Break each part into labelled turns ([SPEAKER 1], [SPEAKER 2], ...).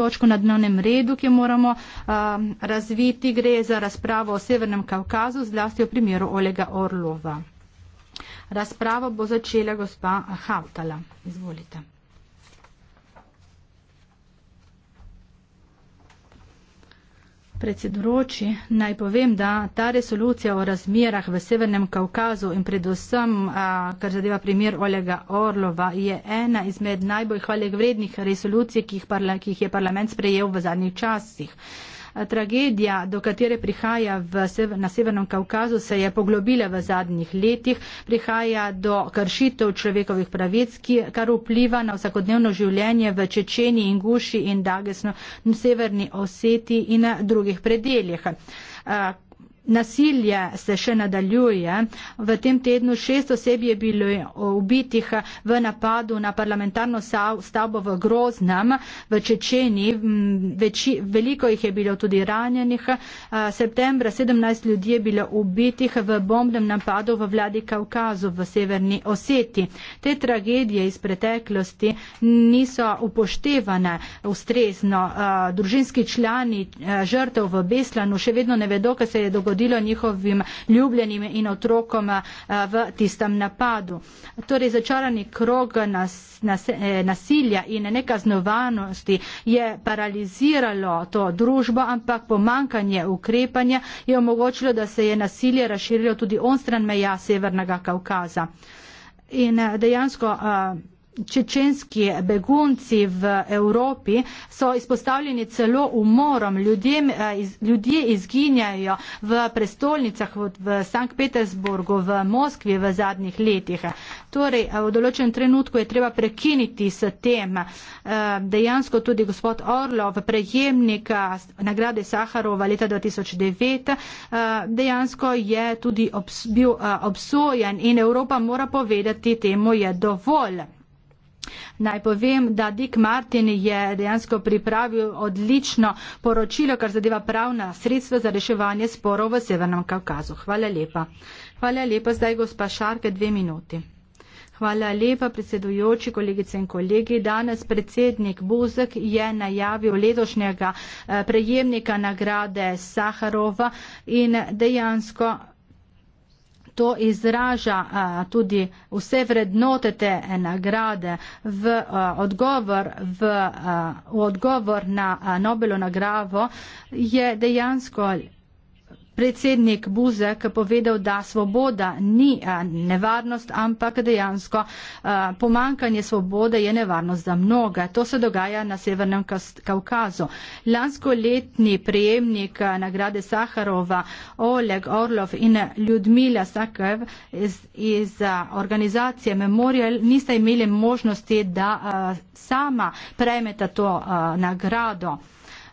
[SPEAKER 1] točko na dnevnem redu, ki jo moramo a, razviti. Gre za razpravo o Severnem Kavkazu, zlasti o primeru Olega Orlova. Razpravo bo začela gospa Hautala. Izvolite. predsedujoči, naj povem, da ta resolucija o razmerah v Severnem Kaukazu in predvsem, a, kar zadeva primer Olega Orlova, je ena izmed najbolj hvalevrednih resolucij, ki jih, parla, ki jih je parlament sprejel v zadnjih časih. Tragedija, do katere prihaja sever, na Severnem Kaukazu, se je poglobila v zadnjih letih. Prihaja do kršitev človekovih pravic, ki, kar vpliva na vsakodnevno življenje v Čečeni, Inguši in Dagesno, Severni Oseti in drugih predeljih. Nasilje se še nadaljuje. V tem tednu šest oseb je bilo ubitih v napadu na parlamentarno stavbo v Groznem, v Čečeni. Veči, veliko jih je bilo tudi ranjenih. Septembra 17 ljudi je bilo ubitih v bombnem napadu v vladi Kaukazu v severni Oseti. Te tragedije iz preteklosti niso upoštevane ustrezno. Družinski člani žrtev v Beslanu še vedno ne vedo, kaj se je dogodilo zgodilo njihovim ljubljenim in otrokom eh, v tistem napadu. Torej, začarani krog nas, nas, eh, nasilja in nekaznovanosti je paraliziralo to družbo, ampak pomankanje ukrepanja je omogočilo, da se je nasilje razširilo tudi onstran meja Severnega Kaukaza. In eh, dejansko čečenski begunci v Evropi so izpostavljeni celo umorom. Ljudjem, eh, iz, ljudje izginjajo v prestolnicah v Sankt Petersburgu, v Moskvi v zadnjih letih. Torej, eh, v določenem trenutku je treba prekiniti s tem. Eh, dejansko tudi gospod Orlov, prejemnik nagrade Saharova leta 2009, dejansko je tudi obs, bil obsojen in Evropa mora povedati, temu je dovolj. Naj povem, da Dick Martin je dejansko pripravil odlično poročilo, kar zadeva pravna sredstva za reševanje sporov v Severnem Kaukazu. Hvala lepa. Hvala lepa. Zdaj gospa Šarke, dve minuti. Hvala lepa, predsedujoči, kolegice in kolegi. Danes predsednik Buzek je najavil letošnjega eh, prejemnika nagrade Saharova in dejansko to izraža tudi vse vrednote te nagrade v odgovor, v, v odgovor na Nobelo nagravo je dejansko predsednik Buzek povedal, da svoboda ni nevarnost, ampak dejansko pomankanje svobode je nevarnost za mnoge. To se dogaja na Severnem Kaukazu. Lansko letni prijemnik nagrade Saharova Oleg Orlov in Ljudmila Sakev iz, iz organizacije Memorial nista imeli možnosti, da sama prejmeta to nagrado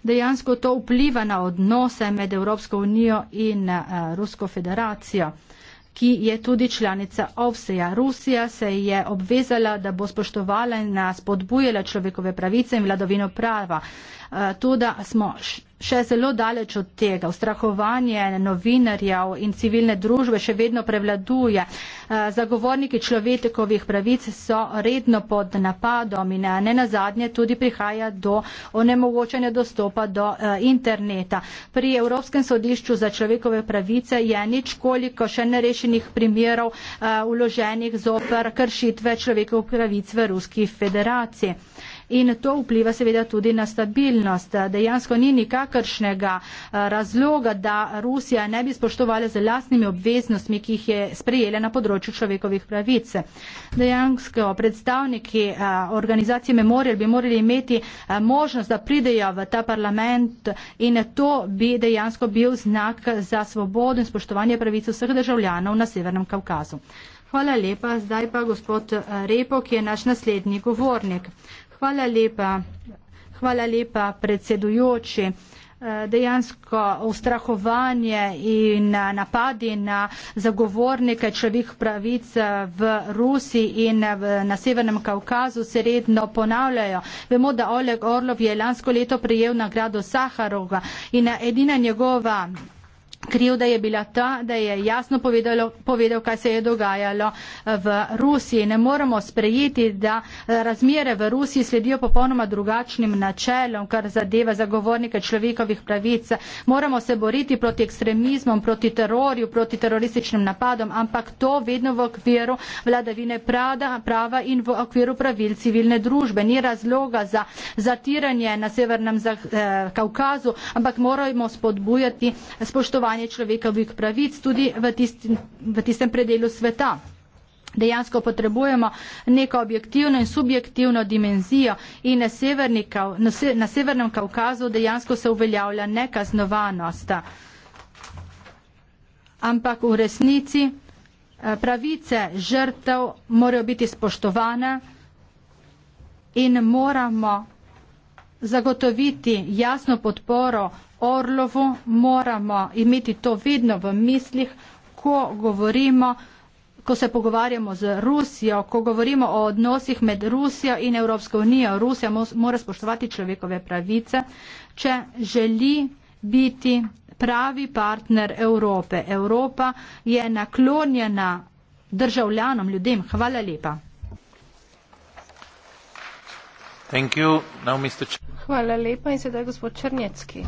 [SPEAKER 1] dejansko to vpliva na odnose med Evropsko unijo in eh, Rusko federacijo ki je tudi članica OVSE-ja. Rusija se je obvezala, da bo spoštovala in spodbujala človekove pravice in vladovino prava. Eh, tudi smo še zelo daleč od tega. Ustrahovanje novinarjev in civilne družbe še vedno prevladuje. Eh, zagovorniki človekovih pravic so redno pod napadom in eh, ne na zadnje tudi prihaja do onemogočanja dostopa do eh, interneta. Pri Evropskem sodišču za človekove pravice je nič koliko še nerešenih primerov uloženih zoper kršitve človekovih pravic v Ruski federaciji in to vpliva seveda tudi na stabilnost. Dejansko ni nikakršnega eh, razloga, da Rusija ne bi spoštovala z lastnimi obveznostmi, ki jih je sprejela na področju človekovih pravic. Dejansko predstavniki eh, organizacije Memorial bi morali imeti eh, možnost, da pridejo v ta parlament in to bi dejansko bil znak za svobodo in spoštovanje pravic vseh državljanov na Severnem Kavkazu. Hvala lepa. Zdaj pa gospod Repo, ki je naš naslednji govornik. Hvala lepa. Hvala lepa, predsedujoči. Eh, dejansko ustrahovanje in eh, napadi na zagovornike človek pravic eh, v Rusiji in na Severnem Kaukazu se redno ponavljajo. Vemo, da Oleg Orlov je lansko leto prijel nagrado Saharova in edina njegova Krivda je bila ta, da je jasno povedalo, povedal, kaj se je dogajalo eh, v Rusiji. Ne moremo sprejeti, da eh, razmere v Rusiji sledijo popolnoma drugačnim načelom, kar zadeva zagovornike človekovih pravic. Moramo se boriti proti ekstremizmom, proti terorju, proti terorističnim napadom, ampak to vedno v okviru vladavine prada, prava in v okviru pravil civilne družbe. Ni razloga za zatiranje na Severnem eh, Kaukazu, ampak moramo spodbujati spoštovanje spoštovanje človekovih pravic tudi v, tist, v tistem predelu sveta. Dejansko potrebujemo neko objektivno in subjektivno dimenzijo in na, ka, na, se, na Severnem Kaukazu dejansko se uveljavlja nekaznovanost. Ampak v resnici eh, pravice žrtev morajo biti spoštovane in moramo zagotoviti jasno podporo Orlovu, moramo imeti to vedno v mislih, ko govorimo, ko se pogovarjamo z Rusijo, ko govorimo o odnosih med Rusijo in Evropsko unijo. Rusija mora spoštovati človekove pravice, če želi biti pravi partner Evrope. Evropa je naklonjena državljanom, ljudem. Hvala lepa.
[SPEAKER 2] Thank you. Now, Mr. Hvala lepa in sedaj gospod Črnecki.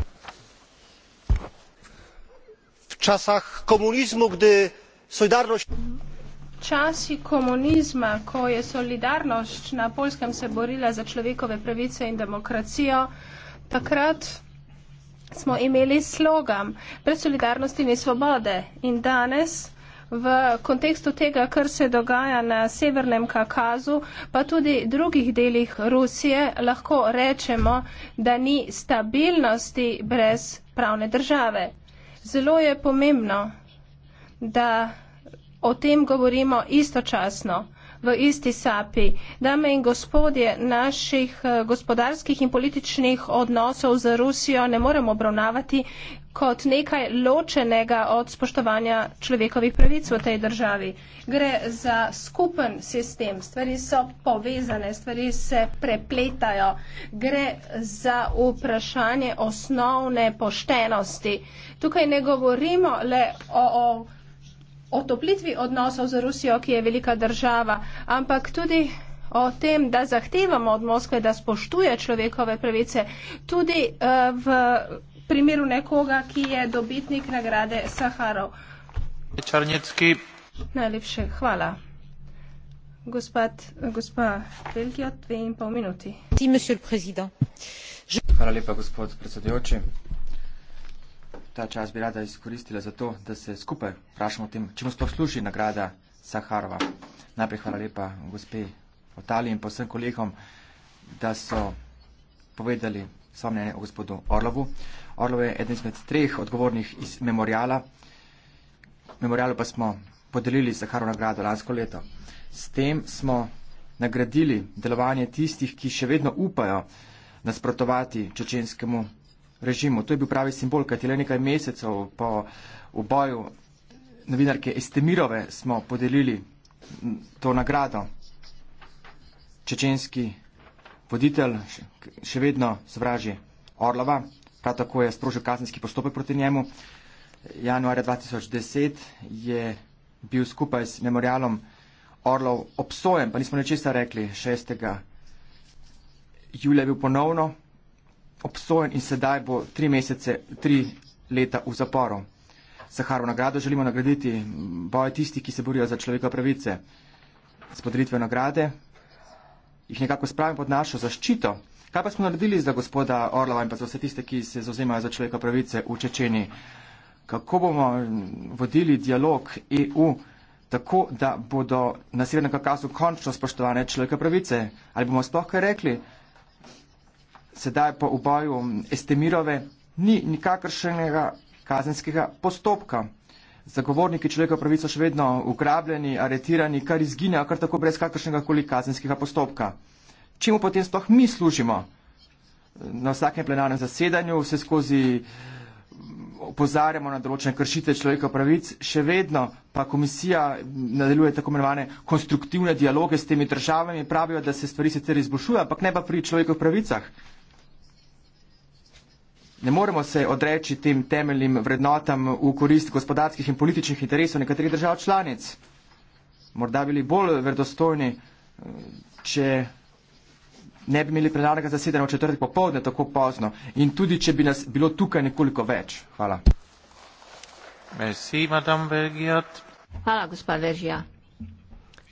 [SPEAKER 3] V časah komunizmu, kdy solidarnost. V
[SPEAKER 2] časih komunizma, ko je solidarnost na polskem se borila za človekove pravice in demokracijo, takrat smo imeli slogan brez solidarnosti ni svobode in danes v kontekstu tega, kar se dogaja na Severnem Kakazu, pa tudi drugih delih Rusije, lahko rečemo, da ni stabilnosti brez pravne države. Zelo je pomembno, da o tem govorimo istočasno v isti sapi. Dame in gospodje, naših eh, gospodarskih in političnih odnosov z Rusijo ne moremo obravnavati kot nekaj ločenega od spoštovanja človekovih pravic v tej državi. Gre za skupen sistem, stvari so povezane, stvari se prepletajo, gre za vprašanje osnovne poštenosti. Tukaj ne govorimo le o. o otoplitvi odnosov z Rusijo, ki je velika država, ampak tudi o tem, da zahtevamo od Moskve, da spoštuje človekove pravice, tudi uh, v primeru nekoga, ki je dobitnik nagrade Saharov.
[SPEAKER 3] Čarnecki.
[SPEAKER 2] Najlepše hvala. Gospod, gospa Belgijo, dve in pol minuti. Ti, monsieur president.
[SPEAKER 3] Hvala lepa, gospod predsedujoči. Ta čas bi rada izkoristila za to, da se skupaj vprašamo o tem, čemu sploh služi nagrada Saharova. Najprej hvala lepa gospe Otali in pa vsem kolegom, da so povedali samljenje o gospodu Orlovu. Orlov je eden izmed treh odgovornih iz memoriala. Memorialu pa smo podelili Zaharov nagrado lansko leto. S tem smo nagradili delovanje tistih, ki še vedno upajo nasprotovati čečenskemu režimu. To je bil pravi simbol, kajti le nekaj mesecev po uboju novinarke Estemirove smo podelili to nagrado čečenski režim voditelj še vedno zvraži Orlova, prav tako je sprožil kazenski postopek proti njemu. Januarja 2010 je bil skupaj s memorialom Orlov obsojen, pa nismo nečista rekli, 6. julija je bil ponovno obsojen in sedaj bo tri mesece, tri leta v zaporu. Saharovo nagrado želimo nagraditi boj tisti, ki se borijo za človekove pravice. Spodelitve nagrade jih nekako spravimo pod našo zaščito. Kaj pa smo naredili za gospoda Orlova in pa za vse tiste, ki se zauzemajo za človeka pravice v Čečeni? Kako bomo vodili dialog EU tako, da bodo na Severnem Kakasu končno spoštovane človeka pravice? Ali bomo sploh kaj rekli? Sedaj po uboju Estemirove ni nikakršnega kazenskega postopka zagovorniki človekov pravic so še vedno ukrabljeni, aretirani, kar izginejo kar tako brez kakršnega koli kazenskega postopka. Čemu potem sploh mi služimo? Na vsakem plenarnem zasedanju vse skozi mm, opozarjamo na določene kršitve človekov pravic, še vedno pa komisija nadaljuje tako imenovane konstruktivne dialoge s temi državami, pravijo, da se stvari sicer izboljšujejo, ampak ne pa pri človekov pravicah ne moremo se odreči tem temeljnim vrednotam v korist gospodarskih in političnih interesov nekaterih držav članic. Morda bili bolj verdostojni, eh, če ne bi imeli plenarnega zasedanja v četrtek popovdne tako pozno in tudi, če bi nas bilo tukaj nekoliko več. Hvala.
[SPEAKER 2] Merci,
[SPEAKER 4] Hvala, gospa Veržija.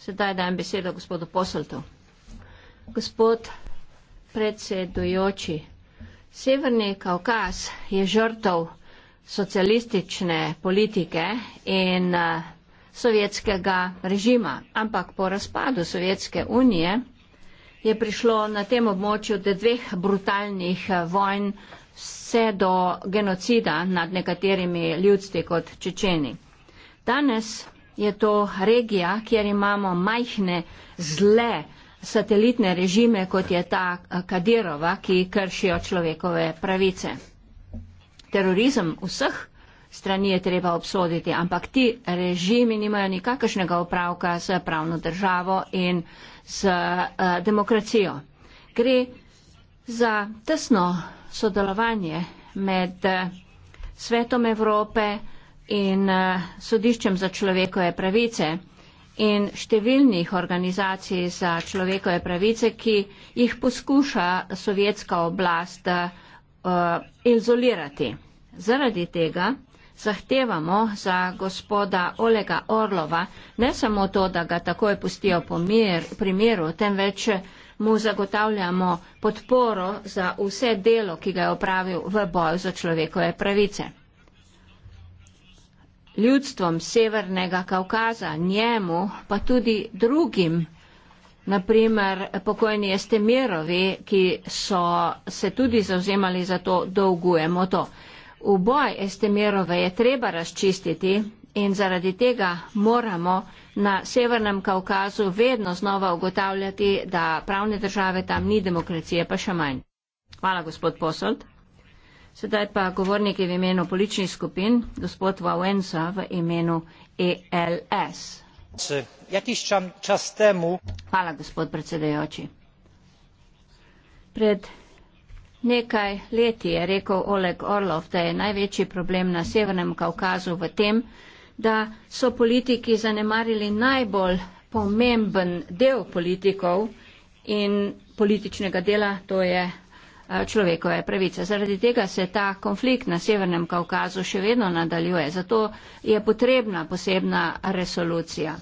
[SPEAKER 4] Sedaj dajem besedo gospodu Poseltu. Gospod predsedujoči, Severni Kaukaz je žrtov socialistične politike in eh, sovjetskega režima. Ampak po razpadu Sovjetske unije je prišlo na tem območju do dveh brutalnih eh, vojn vse do genocida nad nekaterimi ljudstvi kot Čečeni. Danes je to regija, kjer imamo majhne zle, satelitne režime, kot je ta eh, Kadirova, ki kršijo človekove pravice. Terorizem vseh strani je treba obsoditi, ampak ti režimi nimajo nikakršnega upravka s pravno državo in s eh, demokracijo. Gre za tesno sodelovanje med eh, svetom Evrope in sodiščem za človekove pravice in številnih organizacij za človekove pravice, ki jih poskuša sovjetska oblast uh, izolirati. Zaradi tega zahtevamo za gospoda Olega Orlova ne samo to, da ga takoj pustijo po mir, primeru, temveč mu zagotavljamo podporo za vse delo, ki ga je opravil v boju za človekove pravice ljudstvom Severnega Kaukaza, njemu, pa tudi drugim, naprimer pokojni Estemirovi, ki so se tudi zauzemali za to, dolgujemo to. Uboj Estemirove je treba razčistiti in zaradi tega moramo na Severnem Kaukazu vedno znova ugotavljati, da pravne države tam ni demokracije, pa še manj. Hvala, gospod Posold. Sedaj pa govorniki v imenu političnih skupin, gospod Wałęsa v imenu ELS. Jakiš čas temu. Hvala, gospod predsedajoči. Pred nekaj leti je rekel Oleg Orlov, da je največji problem na Severnem Kaukazu v tem, da so politiki zanemarili najbolj pomemben del politikov in političnega dela, to je Eh, človekove pravice. Zaradi tega se ta konflikt na Severnem Kaukazu še vedno nadaljuje. Zato je potrebna posebna resolucija.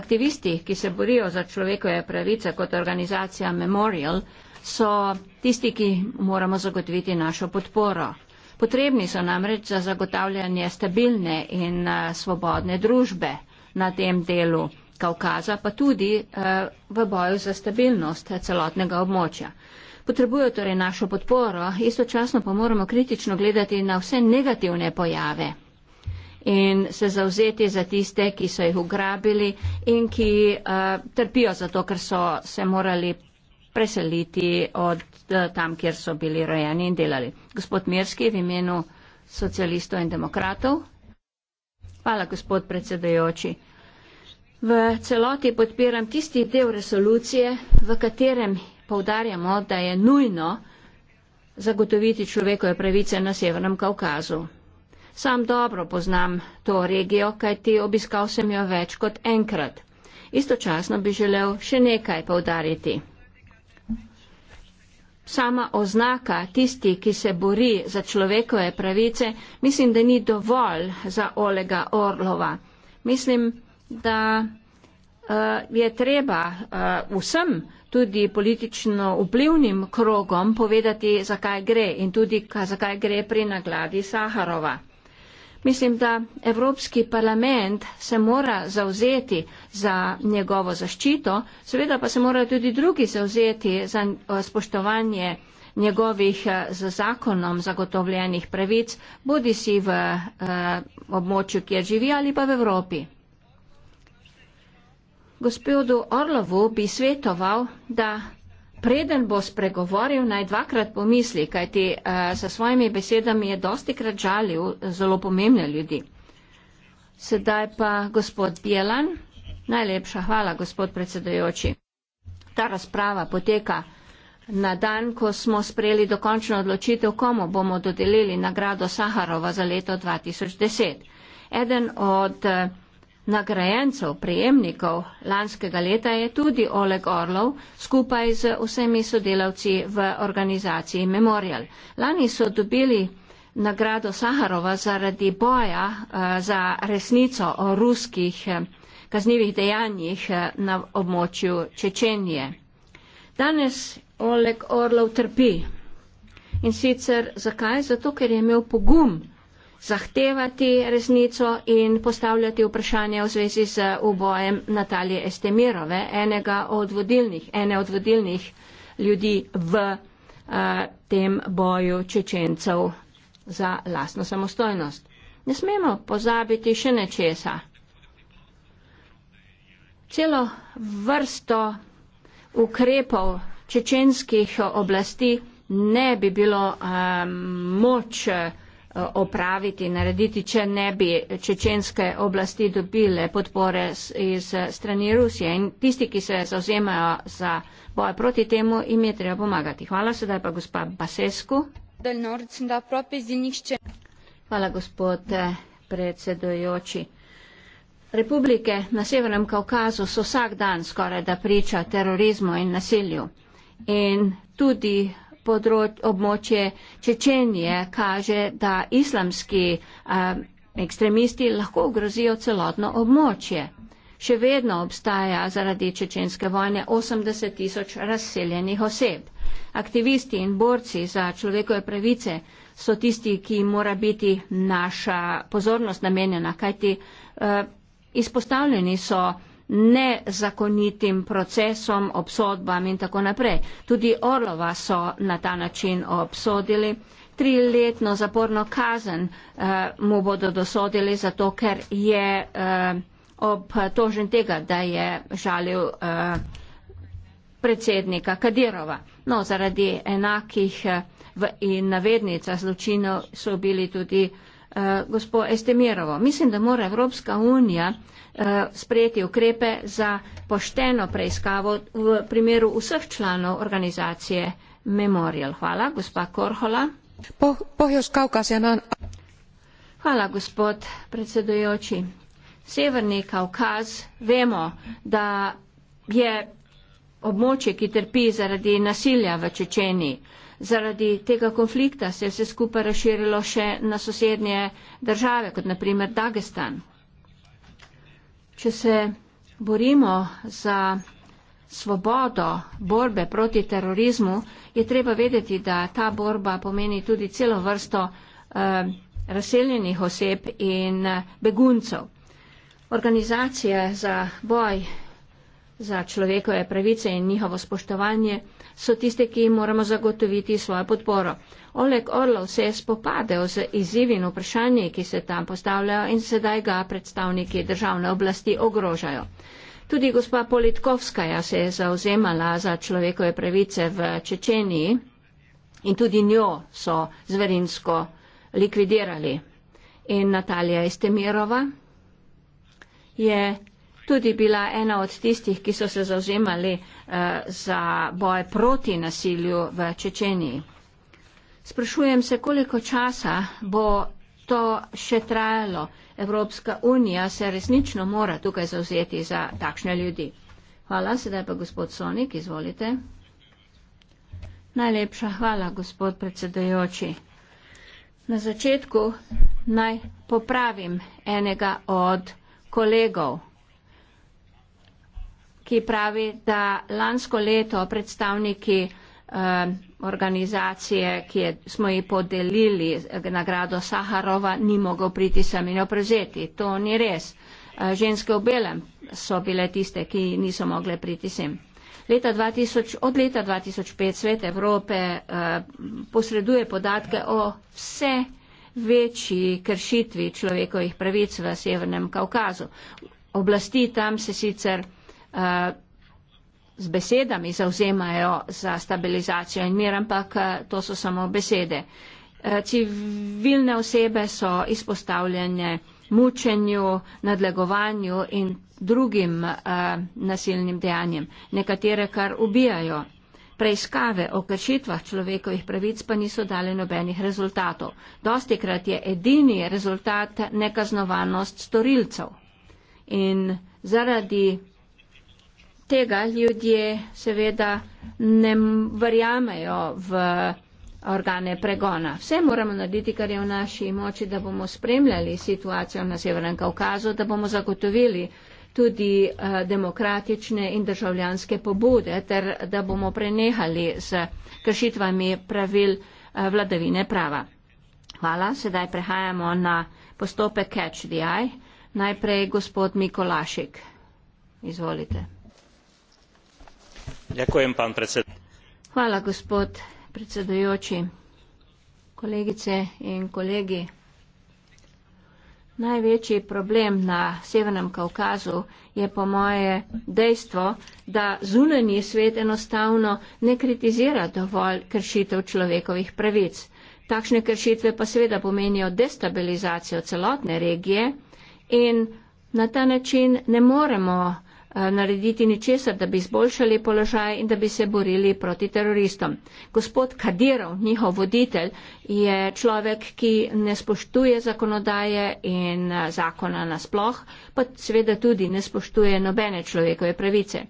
[SPEAKER 4] Aktivisti, ki se borijo za človekove pravice kot organizacija Memorial, so tisti, ki moramo zagotoviti našo podporo. Potrebni so namreč za zagotavljanje stabilne in eh, svobodne družbe na tem delu Kaukaza, pa tudi eh, v boju za stabilnost celotnega območja. Potrebujo torej našo podporo, istočasno pa moramo kritično gledati na vse negativne pojave in se zauzeti za tiste, ki so jih ugrabili in ki uh, trpijo zato, ker so se morali preseliti od uh, tam, kjer so bili rojeni in delali. Gospod Mirski v imenu socialistov in demokratov. Hvala, gospod predsedajoči. V celoti podpiram tisti del resolucije, v katerem poudarjamo, da je nujno zagotoviti človekove pravice na Severnem Kaukazu. Sam dobro poznam to regijo, kajti obiskal sem jo več kot enkrat. Istočasno bi želel še nekaj poudariti. Sama oznaka tisti, ki se bori za človekove pravice, mislim, da ni dovolj za Olega Orlova. Mislim, da uh, je treba uh, vsem uh, tudi politično vplivnim krogom povedati, zakaj gre in tudi, zakaj gre pri nagladi Saharova. Mislim, da Evropski parlament se mora zauzeti za njegovo zaščito, seveda pa se morajo tudi drugi zauzeti za eh, spoštovanje njegovih eh, z zakonom zagotovljenih pravic, bodi si v eh, območju, kjer živi ali pa v Evropi gospodu Orlovu bi svetoval, da preden bo spregovoril, naj dvakrat pomisli, kajti uh, sa svojimi besedami je dosti krat žalil zelo pomembne ljudi. Sedaj pa gospod Bjelan. Najlepša hvala, gospod predsedojoči. Ta razprava poteka na dan, ko smo sprejeli dokončno odločitev, komu bomo dodelili nagrado Saharova za leto 2010. Eden od uh, nagrajencev, prejemnikov lanskega leta je tudi Oleg Orlov skupaj z vsemi sodelavci v organizaciji Memorial. Lani so dobili nagrado Saharova zaradi boja eh, za resnico o ruskih eh, kaznjivih dejanjih eh, na območju Čečenije. Danes Oleg Orlov trpi. In sicer zakaj? Zato, ker je imel pogum zahtevati resnico in postavljati vprašanje v zvezi z ubojem Natalije Estemirove, enega od vodilnih, ene od vodilnih ljudi v uh, tem boju čečencev za lasno samostojnost. Ne smemo pozabiti še nečesa. Celo vrsto ukrepov čečenskih oblasti ne bi bilo um, moč Eh, opraviti, narediti, če ne bi čečenske oblasti dobile podpore iz eh, strani Rusije. In tisti, ki se zauzemajo za boj proti temu, jim je treba pomagati. Hvala sedaj pa gospa Basescu. Hvala gospod eh, predsedojoči. Republike na Severnem Kaukazu so vsak dan skoraj da priča terorizmu in nasilju. In tudi področ, območje Čečenije kaže, da islamski um, ekstremisti lahko ogrozijo celotno območje. Še vedno obstaja zaradi čečenske vojne 80 tisoč razseljenih oseb. Aktivisti in borci za človekove pravice so tisti, ki mora biti naša pozornost namenjena, kajti uh, izpostavljeni so nezakonitim procesom, obsodbam in tako naprej. Tudi Orlova so na ta način obsodili. Triletno zaporno kazen eh, mu bodo dosodili zato, ker je eh, obtožen tega, da je žalil eh, predsednika Kadirova. No, zaradi enakih eh, in navednica zločinov so bili tudi eh, Uh, eh, gospod Estemirovo, mislim, da mora Evropska unija uh, sprejeti ukrepe za pošteno preiskavo v primeru vseh članov organizacije Memorial. Hvala, gospa Korhola. Po, Hvala, gospod predsedujoči. Severni Kaukaz, vemo, da je območje, ki trpi zaradi nasilja v Čečeniji. Zaradi tega konflikta se je vse skupaj razširilo še na sosednje države, kot naprimer Dagestan. Če se borimo za svobodo borbe proti terorizmu, je treba vedeti, da ta borba pomeni tudi celo vrsto eh, razseljenih oseb in eh, beguncev. Organizacije za boj za človekove pravice in njihovo spoštovanje so tiste, ki jim moramo zagotoviti svojo podporo. Oleg Orlov se je spopadel z izzivi in vprašanji, ki se tam postavljajo in sedaj ga predstavniki državne oblasti ogrožajo. Tudi gospa Politkovskaja se je zauzemala za človekove pravice v Čečeniji in tudi njo so zverinsko likvidirali. In Natalija Estemirova je tudi bila ena od tistih, ki so se zauzemali uh, eh, za boj proti nasilju v Čečeniji. Sprašujem se, koliko časa bo to še trajalo. Evropska unija se resnično mora tukaj zauzeti za takšne ljudi. Hvala, sedaj pa gospod Sonik, izvolite. Najlepša hvala, gospod predsedajoči. Na začetku naj popravim enega od kolegov ki pravi, da lansko leto predstavniki eh, organizacije, ki je, smo ji podelili eh, nagrado Saharova, ni mogel priti sem in jo prevzeti. To ni res. Eh, ženske v belem so bile tiste, ki niso mogle priti sem. Leta 2000, od leta 2005 Svet Evrope uh, posreduje podatke o vse večji kršitvi človekovih pravic v Severnem Kaukazu. Oblasti tam se sicer Eh, z besedami zauzemajo za stabilizacijo in mir, ampak eh, to so samo besede. Eh, civilne osebe so izpostavljene mučenju, nadlegovanju in drugim nasilnim dejanjem, nekatere kar ubijajo. Preiskave o kršitvah človekovih pravic pa niso dali nobenih rezultatov. Dostikrat je edini rezultat nekaznovanost storilcev. In zaradi tega ljudje seveda ne verjamejo v organe pregona. Vse moramo narediti, kar je v naši moči, da bomo spremljali situacijo na Severnem Kaukazu, da bomo zagotovili tudi eh, demokratične in državljanske pobude ter da bomo prenehali z kršitvami pravil eh, vladavine prava. Hvala. Sedaj prehajamo na postopek Catch the Eye. Najprej gospod Mikolašik. Izvolite. Hvala, gospod predsedujoči. Kolegice in kolegi. Največji problem na Severnem Kaukazu je po moje dejstvo, da zunanji svet enostavno ne kritizira dovolj kršitev človekovih pravic. Takšne kršitve pa seveda pomenijo destabilizacijo celotne regije in na ta način ne moremo Eh, narediti ničesar, da bi izboljšali položaj in da bi se borili proti teroristom. Gospod Kadirov, njihov voditelj, je človek, ki ne spoštuje zakonodaje in eh, zakona nasploh, pa seveda tudi ne spoštuje nobene človekove pravice.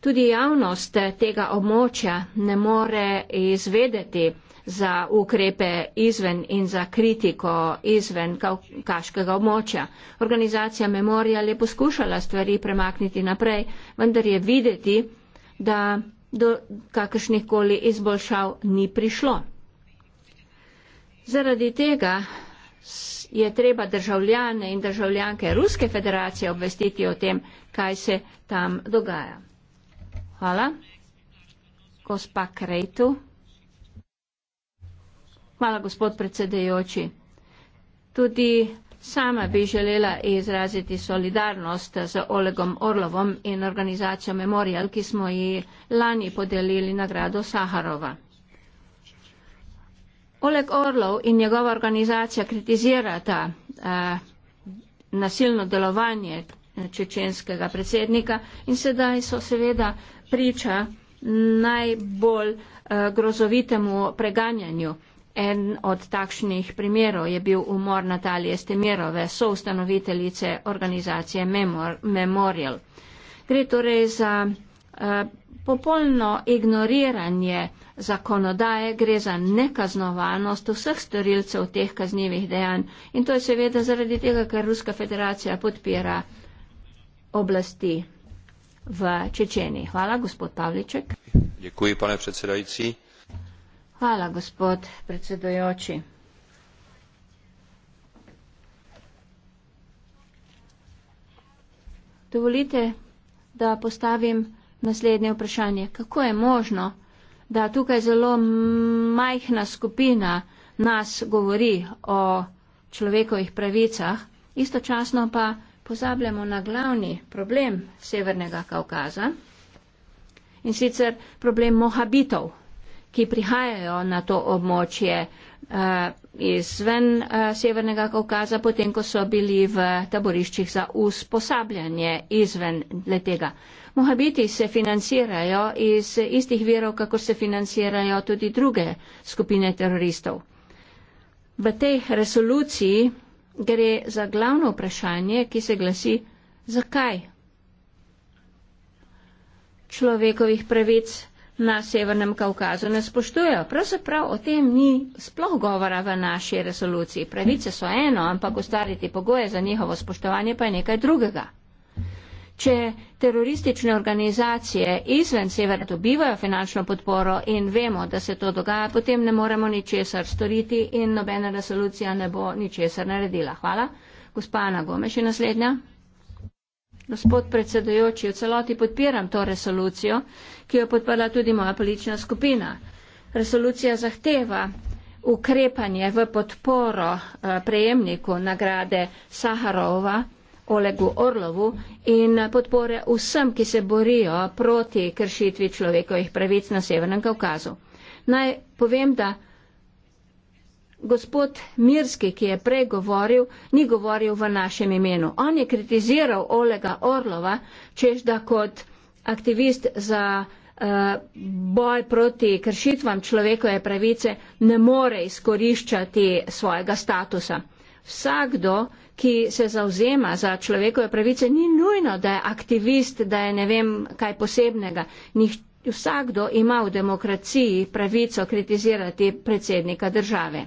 [SPEAKER 4] Tudi javnost eh, tega območja ne more izvedeti, za ukrepe izven in za kritiko izven kaškega območja. Organizacija Memorial je poskušala stvari premakniti naprej, vendar je videti, da do kakršnih koli izboljšav ni prišlo. Zaradi tega je treba državljane in državljanke Ruske federacije obvestiti o tem, kaj se tam dogaja. Hvala. Gospa Krejtu. Hvala, gospod predsedejoči. Tudi sama bi želela izraziti solidarnost z Olegom Orlovom in organizacijo Memorial, ki smo ji lani podelili nagrado Saharova. Oleg Orlov in njegova organizacija kritizirata eh, nasilno delovanje čečenskega predsednika in sedaj so seveda priča najbolj eh, grozovitemu preganjanju. En od takšnih primerov je bil umor Natalije Stemirove, soustanoviteljice organizacije Memor Memorial. Gre torej za eh, popolno ignoriranje zakonodaje, gre za nekaznovanost vseh storilcev teh kaznjivih dejanj. In to je seveda zaradi tega, ker Ruska federacija podpira oblasti v Čečeni. Hvala, gospod Pavliček.
[SPEAKER 1] Děkuji, pane předsedající.
[SPEAKER 4] Hvala, gospod predsedujoči. Dovolite, da postavim naslednje vprašanje. Kako je možno, da tukaj zelo majhna skupina nas govori o človekovih pravicah, istočasno pa pozabljamo na glavni problem Severnega Kaukaza in sicer problem mohabitov? ki prihajajo na to območje eh, izven eh, Severnega Kaukaza, potem ko so bili v taboriščih za usposabljanje izven letega. Mohabiti se financirajo iz istih virov, kako se financirajo tudi druge skupine teroristov. V tej resoluciji gre za glavno vprašanje, ki se glasi, zakaj človekovih pravic na Severnem Kaukazu ne spoštujejo. Pravzaprav o tem ni sploh govora v naši resoluciji. Pravice so eno, ampak ustvariti pogoje za njihovo spoštovanje pa je nekaj drugega. Če teroristične organizacije izven severa dobivajo finančno podporo in vemo, da se to dogaja, potem ne moremo ničesar storiti in nobena resolucija ne bo ničesar naredila. Hvala. Gospa Ana Gomeš je naslednja. Gospod predsedujoči, v celoti podpiram to resolucijo, ki jo je podprla tudi moja politična skupina. Resolucija zahteva ukrepanje v podporo eh, prejemniku nagrade Saharova, Olegu Orlovu in podpore vsem, ki se borijo proti kršitvi človekovih pravic na Severnem Kaukazu. Naj povem, da gospod Mirski, ki je prej govoril, ni govoril v našem imenu. On je kritiziral Olega Orlova, čež da kot aktivist za Eh, boj proti kršitvam človekove pravice ne more izkoriščati svojega statusa. Vsakdo, ki se zauzema za človekove pravice, ni nujno, da je aktivist, da je ne vem kaj posebnega. Nih, vsakdo ima v demokraciji pravico kritizirati predsednika države.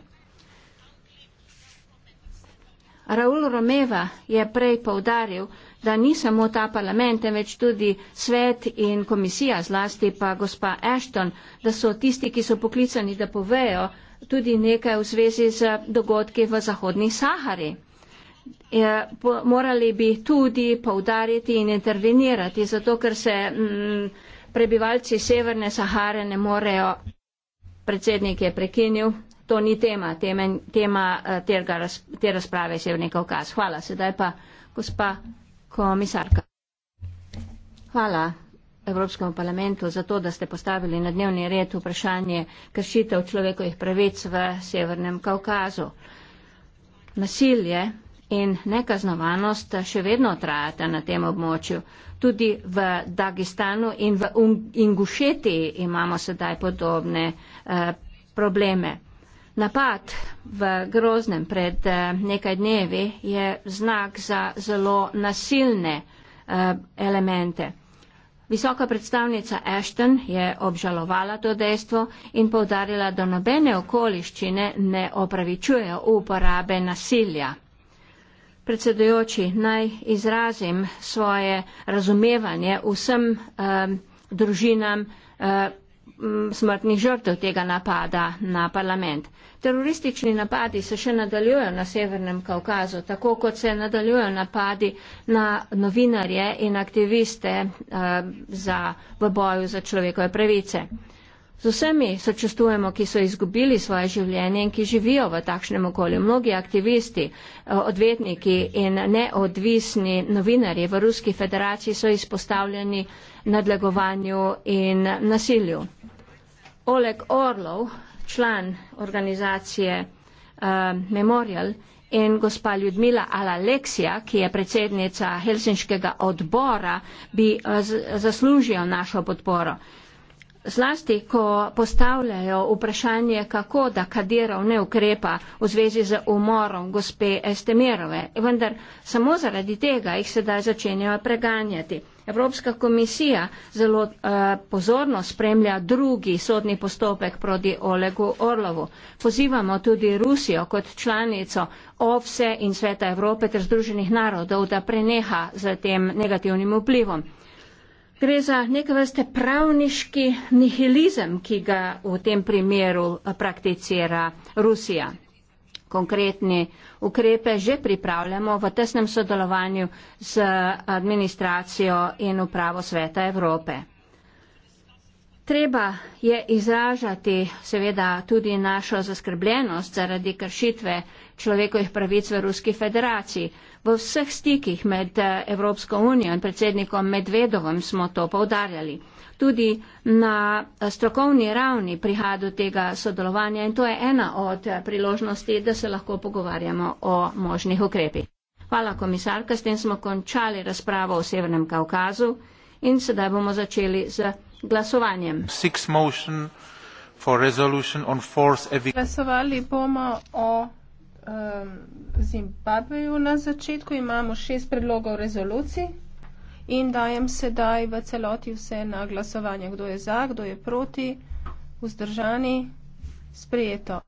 [SPEAKER 4] Raul Romeva je prej povdaril, da ni samo ta parlament, temveč tudi svet in komisija, zlasti pa gospa Ashton, da so tisti, ki so poklicani, da povejo tudi nekaj v zvezi z dogodki v Zahodni Sahari. Je, ja, po, morali bi tudi povdariti in intervenirati, zato ker se m, mm, prebivalci Severne Sahare ne morejo. Predsednik je prekinil to ni tema, tema, tema eh, raz, te razprave se je v nekaj okaz. Hvala, sedaj pa gospa komisarka. Hvala Evropskemu parlamentu za to, da ste postavili na dnevni red vprašanje kršitev človekovih pravic v Severnem Kaukazu. Nasilje in nekaznovanost še vedno trajata na tem območju. Tudi v Dagestanu in v Ingušeti imamo sedaj podobne uh, probleme. Napad v groznem pred eh, nekaj dnevi je znak za zelo nasilne eh, elemente. Visoka predstavnica Ashton je obžalovala to dejstvo in povdarila, da nobene okoliščine ne opravičujejo uporabe nasilja. Predsedujoči, naj izrazim svoje razumevanje vsem eh, družinam, eh, Mm, smrtnih žrtev tega napada na parlament. Teroristični napadi se še nadaljujejo na Severnem Kaukazu, tako kot se nadaljujejo napadi na novinarje in aktiviste eh, za, v boju za človekove pravice. Z vsemi sočustujemo, ki so izgubili svoje življenje in ki živijo v takšnem okolju. Mnogi aktivisti, eh, odvetniki in neodvisni novinarji v Ruski federaciji so izpostavljeni nadlegovanju in nasilju. Oleg Orlov, član organizacije uh, Memorial in gospa Ljudmila Alaleksija, ki je predsednica Helsinškega odbora, bi uh, zaslužijo našo podporo. Zlasti, ko postavljajo vprašanje, kako da Kadirov ne ukrepa v zvezi z umorom gospe Estemirove, vendar samo zaradi tega jih sedaj začenjajo preganjati. Evropska komisija zelo uh, pozorno spremlja drugi sodni postopek proti Olegu Orlovu. Pozivamo tudi Rusijo kot članico OVSE in Sveta Evrope ter Združenih narodov, da preneha z tem negativnim vplivom. Gre za neke vrste pravniški nihilizem, ki ga v tem primeru eh, prakticira Rusija konkretne ukrepe že pripravljamo v tesnem sodelovanju z administracijo in upravo Sveta Evrope. Treba je izražati seveda tudi našo zaskrbljenost zaradi kršitve človekovih pravic v Ruski federaciji. V vseh stikih med Evropsko unijo in predsednikom Medvedovom smo to povdarjali tudi na eh, strokovni ravni prihaja do tega sodelovanja in to je ena od eh, priložnosti, da se lahko pogovarjamo o možnih ukrepih. Hvala komisarka, s tem smo končali razpravo o Severnem Kaukazu in sedaj bomo začeli z glasovanjem. Glasovali bomo
[SPEAKER 2] o um, Zimbabveju na začetku, imamo šest predlogov rezolucij. In dajem sedaj v celoti vse na glasovanje. Kdo je za, kdo je proti, vzdržani, sprijeto.